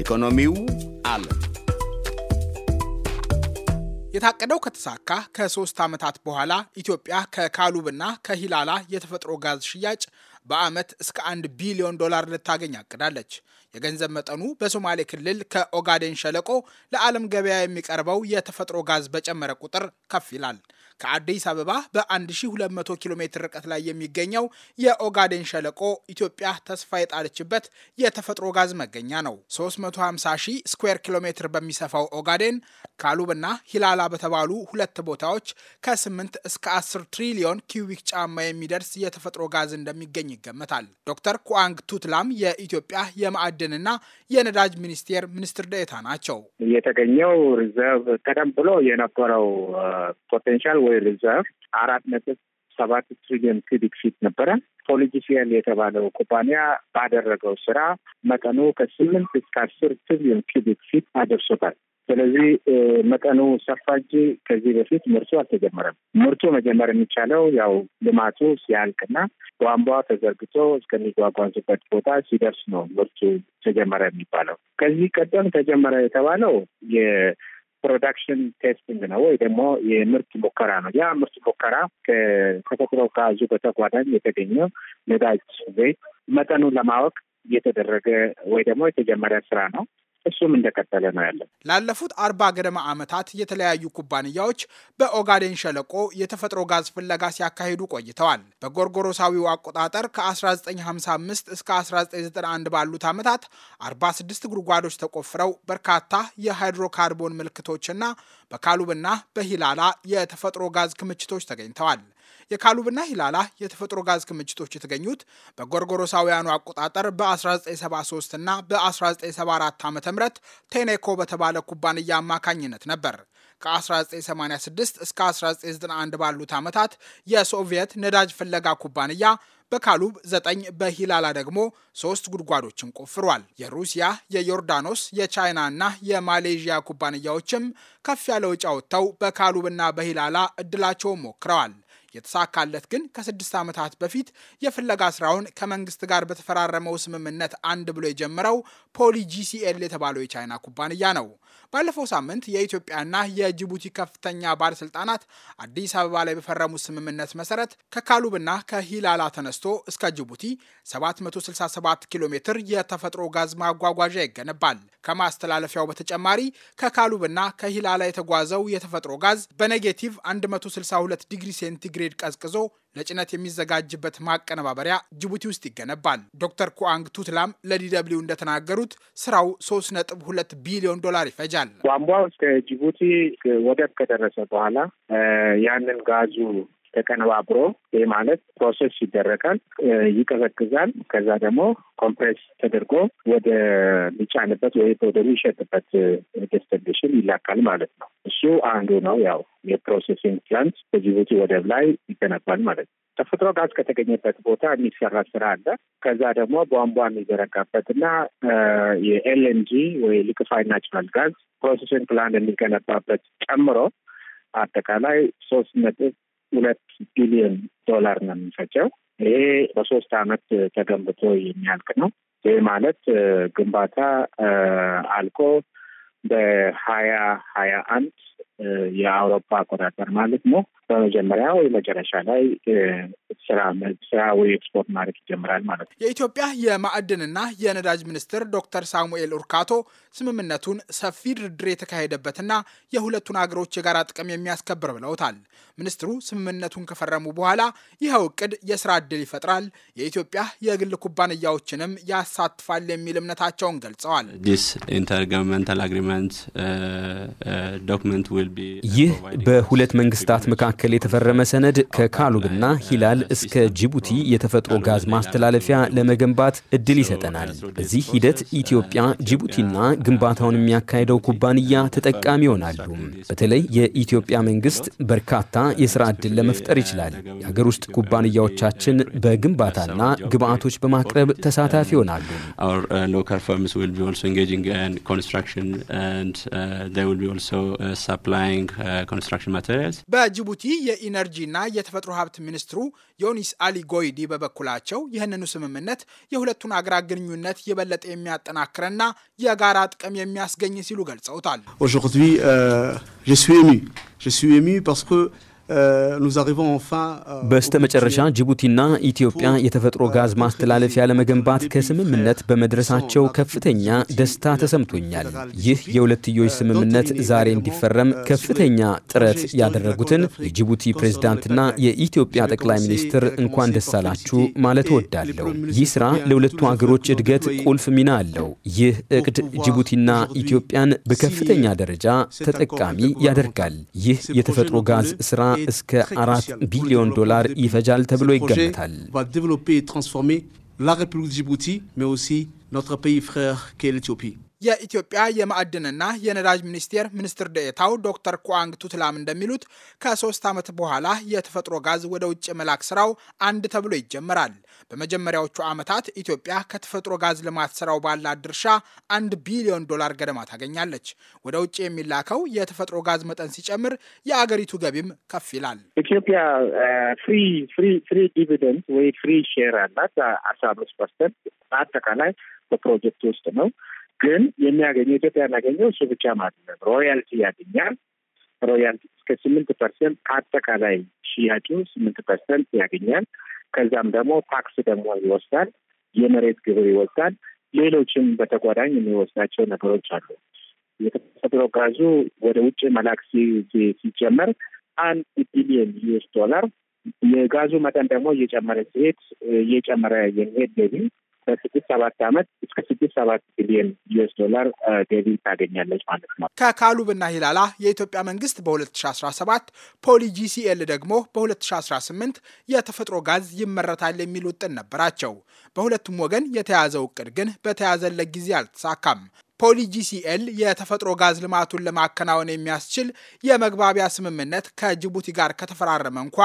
ኢኮኖሚው አለ የታቀደው ከተሳካ ከሶስት ዓመታት በኋላ ኢትዮጵያ ከካሉብና ከሂላላ የተፈጥሮ ጋዝ ሽያጭ በዓመት እስከ አንድ ቢሊዮን ዶላር ልታገኝ አቅዳለች። የገንዘብ መጠኑ በሶማሌ ክልል ከኦጋዴን ሸለቆ ለዓለም ገበያ የሚቀርበው የተፈጥሮ ጋዝ በጨመረ ቁጥር ከፍ ይላል። ከአዲስ አበባ በ1200 ኪሎ ሜትር ርቀት ላይ የሚገኘው የኦጋዴን ሸለቆ ኢትዮጵያ ተስፋ የጣለችበት የተፈጥሮ ጋዝ መገኛ ነው። 350 ሺህ ስኩዌር ኪሎ ሜትር በሚሰፋው ኦጋዴን ካሉብና ሂላላ በተባሉ ሁለት ቦታዎች ከ8 እስከ 10 ትሪሊዮን ኪዩቢክ ጫማ የሚደርስ የተፈጥሮ ጋዝ እንደሚገኝ ይገመታል። ዶክተር ኩዋንግ ቱትላም የኢትዮጵያ የማዕድንና የነዳጅ ሚኒስቴር ሚኒስትር ደኤታ ናቸው። የተገኘው ሪዘርቭ ቀደም ብሎ የነበረው ፖቴንሻል ኦይል ሪዘርቭ አራት ነጥብ ሰባት ትሪሊዮን ኪዩቢክ ፊት ነበረ። ፖሊቲሲያል የተባለው ኩባንያ ባደረገው ስራ መጠኑ ከስምንት እስከ አስር ትሪሊዮን ኪዩቢክ ፊት አደርሶታል። ስለዚህ መጠኑ ሰፋ እንጂ ከዚህ በፊት ምርቱ አልተጀመረም። ምርቱ መጀመር የሚቻለው ያው ልማቱ ሲያልቅና ቧንቧ ተዘርግቶ እስከሚጓጓዙበት ቦታ ሲደርስ ነው ምርቱ ተጀመረ የሚባለው። ከዚህ ቀደም ተጀመረ የተባለው ፕሮዳክሽን ቴስቲንግ ነው ወይ ደግሞ የምርት ሙከራ ነው። ያ ምርት ሙከራ ከተፈጥሮ ጋዙ በተጓዳኝ የተገኘው ነዳጅ ዘይት መጠኑን ለማወቅ የተደረገ ወይ ደግሞ የተጀመረ ስራ ነው። እሱም እንደቀጠለ ነው ያለን። ላለፉት አርባ ገደማ ዓመታት የተለያዩ ኩባንያዎች በኦጋዴን ሸለቆ የተፈጥሮ ጋዝ ፍለጋ ሲያካሂዱ ቆይተዋል። በጎርጎሮሳዊው አቆጣጠር ከ1955 እስከ 1991 ባሉት ዓመታት 46 ጉድጓዶች ተቆፍረው በርካታ የሃይድሮካርቦን ምልክቶችና በካሉብና በሂላላ የተፈጥሮ ጋዝ ክምችቶች ተገኝተዋል። የካሉብና ሂላላ የተፈጥሮ ጋዝ ክምችቶች የተገኙት በጎርጎሮሳውያኑ አቆጣጠር በ1973 እና በ1974 ዓ ም ቴኔኮ በተባለ ኩባንያ አማካኝነት ነበር። ከ1986 እስከ 1991 ባሉት ዓመታት የሶቪየት ነዳጅ ፍለጋ ኩባንያ በካሉብ ዘጠኝ በሂላላ ደግሞ ሶስት ጉድጓዶችን ቆፍሯል። የሩሲያ፣ የዮርዳኖስ፣ የቻይና እና የማሌዥያ ኩባንያዎችም ከፍ ያለ ወጪ አውጥተው በካሉብና በሂላላ እድላቸውን ሞክረዋል። የተሳካለት ግን ከስድስት ዓመታት በፊት የፍለጋ ስራውን ከመንግስት ጋር በተፈራረመው ስምምነት አንድ ብሎ የጀመረው ፖሊ ጂሲኤል የተባለው የቻይና ኩባንያ ነው። ባለፈው ሳምንት የኢትዮጵያና የጅቡቲ ከፍተኛ ባለስልጣናት አዲስ አበባ ላይ በፈረሙት ስምምነት መሰረት ከካሉብና ከሂላላ ተነስቶ እስከ ጅቡቲ 767 ኪሎ ሜትር የተፈጥሮ ጋዝ ማጓጓዣ ይገነባል። ከማስተላለፊያው በተጨማሪ ከካሉብና ከሂላላ የተጓዘው የተፈጥሮ ጋዝ በኔጌቲቭ 162 ዲግሪ ሴንቲግሬድ ግሬድ ቀዝቅዞ ለጭነት የሚዘጋጅበት ማቀነባበሪያ ጅቡቲ ውስጥ ይገነባል። ዶክተር ኩአንግ ቱትላም ለዲደብሊው እንደተናገሩት ስራው 3.2 ቢሊዮን ዶላር ይፈጃል። ቧንቧ እስከ ጅቡቲ ወደብ ከደረሰ በኋላ ያንን ጋዙ ተቀነባብሮ ይህ ማለት ፕሮሴስ ይደረጋል፣ ይቀዘቅዛል። ከዛ ደግሞ ኮምፕሬስ ተደርጎ ወደ ሚጫንበት ወይ ወደሚሸጥበት ዴስቲኔሽን ይላካል ማለት ነው። አንዱ ነው። ያው የፕሮሴሲንግ ፕላንት በጅቡቲ ወደብ ላይ ይገነባል ማለት ነው። ተፈጥሮ ጋዝ ከተገኘበት ቦታ የሚሰራ ስራ አለ። ከዛ ደግሞ ቧንቧ የሚዘረጋበት እና የኤልኤንጂ ወይ ሊክፋይድ ናቹራል ጋዝ ፕሮሴሲንግ ፕላንት የሚገነባበት ጨምሮ አጠቃላይ ሶስት ነጥብ ሁለት ቢሊዮን ዶላር ነው የሚፈጀው። ይሄ በሶስት አመት ተገንብቶ የሚያልቅ ነው። ይህ ማለት ግንባታ አልቆ በሀያ ሀያ አንድ የአውሮፓ አቆጣጠር ማለት ነው በመጀመሪያው መጨረሻ ላይ ስራ ስራ ወይ ኤክስፖርት ማድረግ ይጀምራል ማለት ነው። የኢትዮጵያ የማዕድንና የነዳጅ ሚኒስትር ዶክተር ሳሙኤል ኡርካቶ ስምምነቱን ሰፊ ድርድር የተካሄደበትና የሁለቱን አገሮች የጋራ ጥቅም የሚያስከብር ብለውታል። ሚኒስትሩ ስምምነቱን ከፈረሙ በኋላ ይኸው እቅድ የስራ ዕድል ይፈጥራል፣ የኢትዮጵያ የግል ኩባንያዎችንም ያሳትፋል የሚል እምነታቸውን ገልጸዋል። uh, uh, ይህ በሁለት መንግስታት መካከል የተፈረመ ሰነድ ከካሉግና ሂላል እስከ ጅቡቲ የተፈጥሮ ጋዝ ማስተላለፊያ ለመገንባት እድል ይሰጠናል። በዚህ ሂደት ኢትዮጵያ፣ ጅቡቲና ግንባታውን የሚያካሄደው ኩባንያ ተጠቃሚ ይሆናሉ። በተለይ የኢትዮጵያ መንግስት በርካታ የስራ እድል ለመፍጠር ይችላል። የሀገር ውስጥ ኩባንያዎቻችን በግንባታና ግብአቶች በማቅረብ ተሳታፊ ይሆናሉ። uh, uh, uh, በጅቡቲ የኢነርጂና የተፈጥሮ ሀብት ሚኒስትሩ ዮኒስ አሊ ጎይዲ በበኩላቸው ይህንኑ ስምምነት የሁለቱን አገራት ግንኙነት የበለጠ የሚያጠናክርና የጋራ ጥቅም የሚያስገኝ ሲሉ ገልጸውታል። Euh, euh, በስተ መጨረሻ ጅቡቲና ኢትዮጵያ የተፈጥሮ ጋዝ ማስተላለፊያ ለመገንባት ከስምምነት በመድረሳቸው ከፍተኛ ደስታ ተሰምቶኛል። ይህ የሁለትዮሽ euh, ስምምነት ዛሬ እንዲፈረም ከፍተኛ ጥረት ያደረጉትን የጅቡቲ ፕሬዝዳንትና የኢትዮጵያ ጠቅላይ ሚኒስትር እንኳን ደስ አላችሁ ማለት እወዳለሁ። ይህ ስራ ለሁለቱ አገሮች እድገት ቁልፍ ሚና አለው። ይህ እቅድ ጅቡቲና ኢትዮጵያን በከፍተኛ ደረጃ ተጠቃሚ ያደርጋል። ይህ የተፈጥሮ ጋዝ ስራ እስከ አራት ቢሊዮን ዶላር ይፈጃል ተብሎ ይገመታል። la République d'Djibouti, mais aussi notre pays frère qu'est l'Éthiopie. የኢትዮጵያ የማዕድንና የነዳጅ ሚኒስቴር ሚኒስትር ደኤታው ዶክተር ኩዋንግ ቱትላም እንደሚሉት ከሶስት ዓመት በኋላ የተፈጥሮ ጋዝ ወደ ውጭ መላክ ስራው አንድ ተብሎ ይጀመራል። በመጀመሪያዎቹ ዓመታት ኢትዮጵያ ከተፈጥሮ ጋዝ ልማት ስራው ባላት ድርሻ አንድ ቢሊዮን ዶላር ገደማ ታገኛለች። ወደ ውጭ የሚላከው የተፈጥሮ ጋዝ መጠን ሲጨምር የአገሪቱ ገቢም ከፍ ይላል። ኢትዮጵያ ፍሪ ፍሪ ፍሪ ዲቪደንድ ወይ ፍሪ ሼር አላት አስራ አምስት ፐርሰንት በአጠቃላይ በፕሮጀክት ውስጥ ነው ግን የሚያገኘው ኢትዮጵያ ያላገኘው እሱ ብቻ ማለት ነው። ሮያልቲ ያገኛል። ሮያልቲ እስከ ስምንት ፐርሰንት አጠቃላይ ሽያጩ ስምንት ፐርሰንት ያገኛል። ከዛም ደግሞ ታክስ ደግሞ ይወስዳል፣ የመሬት ግብር ይወስዳል። ሌሎችም በተጓዳኝ የሚወስዳቸው ነገሮች አሉ። የተፈጥሮ ጋዙ ወደ ውጭ መላክ ሲጀመር አንድ ቢሊዮን ዩኤስ ዶላር የጋዙ መጠን ደግሞ እየጨመረ ሲሄድ እየጨመረ የሚሄድ ገቢ በስድስት ሰባት ዓመት እስከ ስድስት ሰባት ቢሊዮን ዩኤስ ዶላር ገቢ ታገኛለች ማለት ነው። ከካሉብ እና ሂላላ የኢትዮጵያ መንግስት በ2017 ፖሊ ጂሲኤል ደግሞ በ2018 የተፈጥሮ ጋዝ ይመረታል የሚል ውጥን ነበራቸው። በሁለቱም ወገን የተያዘው እቅድ ግን በተያዘለት ጊዜ አልተሳካም። ፖሊጂሲኤል የተፈጥሮ ጋዝ ልማቱን ለማከናወን የሚያስችል የመግባቢያ ስምምነት ከጅቡቲ ጋር ከተፈራረመ እንኳ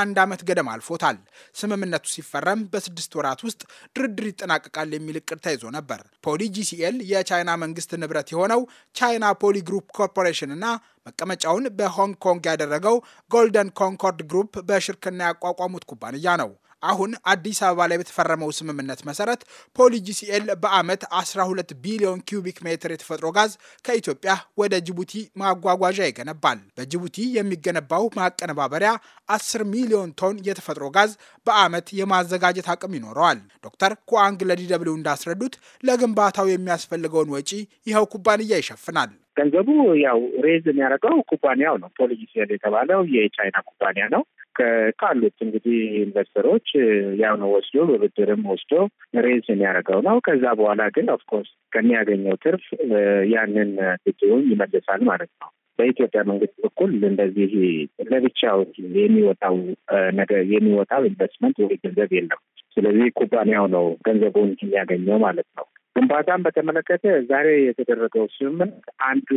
አንድ ዓመት ገደም አልፎታል። ስምምነቱ ሲፈረም በስድስት ወራት ውስጥ ድርድር ይጠናቀቃል የሚል እቅድ ተይዞ ነበር። ፖሊጂሲኤል የቻይና መንግስት ንብረት የሆነው ቻይና ፖሊ ግሩፕ ኮርፖሬሽን እና መቀመጫውን በሆንግ ኮንግ ያደረገው ጎልደን ኮንኮርድ ግሩፕ በሽርክና ያቋቋሙት ኩባንያ ነው። አሁን አዲስ አበባ ላይ በተፈረመው ስምምነት መሰረት ፖሊጂሲኤል በዓመት 12 ቢሊዮን ኪዩቢክ ሜትር የተፈጥሮ ጋዝ ከኢትዮጵያ ወደ ጅቡቲ ማጓጓዣ ይገነባል። በጅቡቲ የሚገነባው ማቀነባበሪያ 10 ሚሊዮን ቶን የተፈጥሮ ጋዝ በዓመት የማዘጋጀት አቅም ይኖረዋል። ዶክተር ኩዋንግ ለዲ እንዳስረዱት ለግንባታው የሚያስፈልገውን ወጪ ይኸው ኩባንያ ይሸፍናል። ገንዘቡ ያው ሬዝ የሚያደርገው ኩባንያው ነው። ፖሊሲል የተባለው የቻይና ኩባንያ ነው። ካሉት እንግዲህ ኢንቨስተሮች ያው ነው ወስዶ በብድርም ወስዶ ሬዝ የሚያደርገው ነው። ከዛ በኋላ ግን ኦፍኮርስ ከሚያገኘው ትርፍ ያንን ብድሩን ይመልሳል ማለት ነው። በኢትዮጵያ መንግስት በኩል እንደዚህ ለብቻው የሚወጣው ነገር የሚወጣው ኢንቨስትመንት ወይ ገንዘብ የለም። ስለዚህ ኩባንያው ነው ገንዘቡን የሚያገኘው ማለት ነው። ግንባታን በተመለከተ ዛሬ የተደረገው ስምምነት አንዱ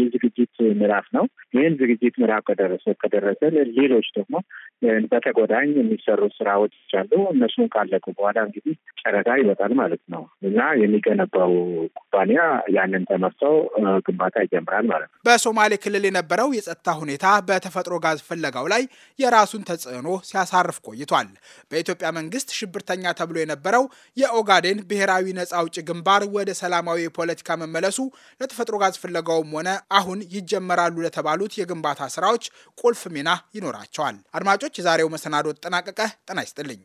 የዝግጅት ምዕራፍ ነው። ይህን ዝግጅት ምዕራፍ ከደረሰ ከደረሰ ሌሎች ደግሞ በተጎዳኝ የሚሰሩ ስራዎች አሉ። እነሱን ካለቁ በኋላ እንግዲህ ጨረታ ይወጣል ማለት ነው እና የሚገነባው ኩባንያ ያንን ተመርተው ግንባታ ይጀምራል ማለት ነው። በሶማሌ ክልል የነበረው የጸጥታ ሁኔታ በተፈጥሮ ጋዝ ፍለጋው ላይ የራሱን ተጽዕኖ ሲያሳርፍ ቆይቷል። በኢትዮጵያ መንግስት ሽብርተኛ ተብሎ የነበረው የኦጋዴን ብሔራዊ ነጻ አውጭ ግንባር ወደ ሰላማዊ የፖለቲካ መመለሱ ለተፈጥሮ ጋዝ ፍለጋውም ሆነ አሁን ይጀመራሉ ለተባሉት የግንባታ ስራዎች ቁልፍ ሚና ይኖራቸዋል። አድማጮች፣ የዛሬው መሰናዶ ተጠናቀቀ። ጤና ይስጥልኝ።